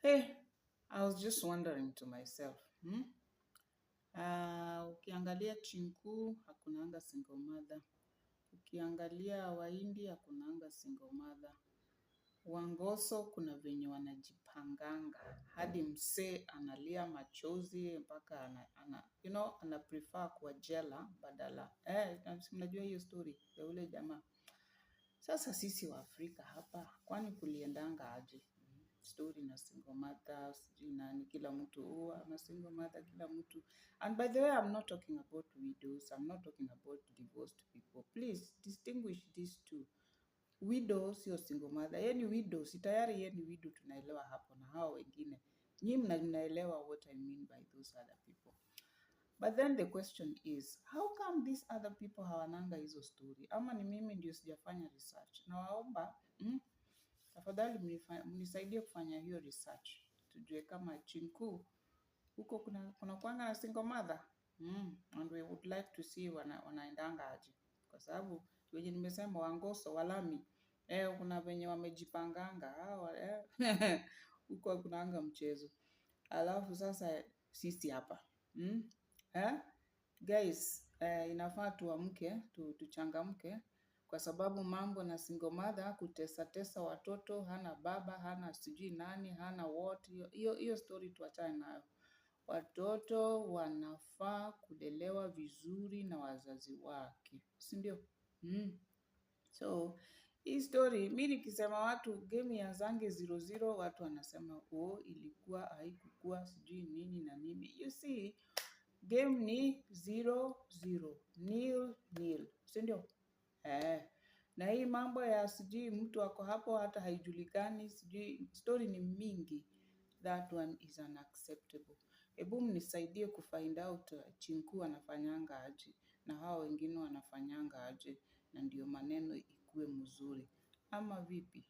Hey, eh, I was just wondering to myself hmm? Uh, ukiangalia Chinku hakunaanga single mother, ukiangalia Waindi hakunaanga single mother, Wangoso kuna venye wanajipanganga hadi msee analia machozi mpaka ana, ana, you know, ana prefer kuwa jela badala eh, mnajua hiyo story ya ule jamaa. Sasa sisi wa Afrika hapa, kwani kuliendanga aje? story na single mother sijui nani, kila mtu huwa na single mother, kila mtu and by the way I'm not talking about widows, I'm not talking about divorced people. Please distinguish these two. Widow sio single mother, yani widow si tayari, yani widow tunaelewa hapo, na hao wengine nyi mnaelewa what I mean by those other people. But then the question is, how come these other people hawananga hizo story? Ama ni mimi ndio sijafanya research? Nawaomba mm, Tafadhali mnisaidie kufanya hiyo research tujue kama Chinku huko kuna, kuna kwanga na single mother mm, and we would like to see wana, wanaendanga aje, kwa sababu wenye nimesema Wangoso Walami eh, kuna venye wamejipanganga hawa ah, eh. huko kunaanga mchezo, alafu sasa sisi hapa mm? eh? Guys eh, inafaa tuamke tu, tuchangamke kwa sababu mambo na single mother kutesatesa watoto, hana baba, hana sijui nani, hana what, hiyo hiyo story tuachane nayo. Watoto wanafaa kulelewa vizuri na wazazi wake, si ndio? Mm. So hii story mi nikisema watu game ya zange zero zero, watu wanasema oh, ilikuwa haikukua sijui nini na nini. You see game ni zero zero, nil nil, si ndio? eh. Na hii mambo ya sijui mtu ako hapo hata haijulikani, sijui story ni mingi. That one is unacceptable. Hebu mnisaidie find out eh, Chinku anafanyanga aje na hao wengine wanafanyanga aje, na ndio maneno ikue mzuri, ama vipi?